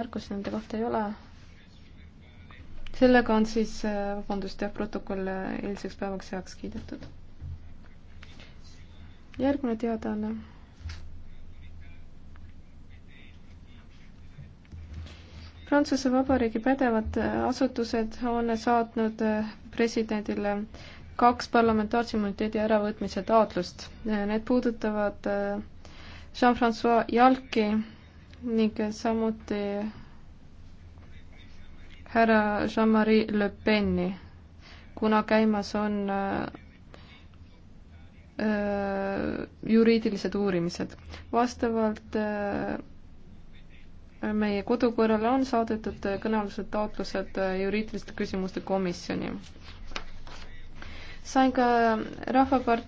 märkusi nende kohta ei ole. sellega on siis, äh, vabandust, jah, protokoll äh, eilseks päevaks heaks kiidetud. järgmine teadaanne. Prantsuse Vabariigi pädevad äh, asutused on saatnud presidendile kaks parlamentaarse immuniteedi äravõtmise taotlust. Need puudutavad Jean-Francois Jalki ning samuti härra Jean-Marie Le Peni, kuna käimas on öö, äh, äh, juriidilised uurimised. vastavalt öö, äh, meie kodukorrale on saadetud kõnealused taotlused juriidiliste küsimuste komisjoni. sain ka Rahvapart-.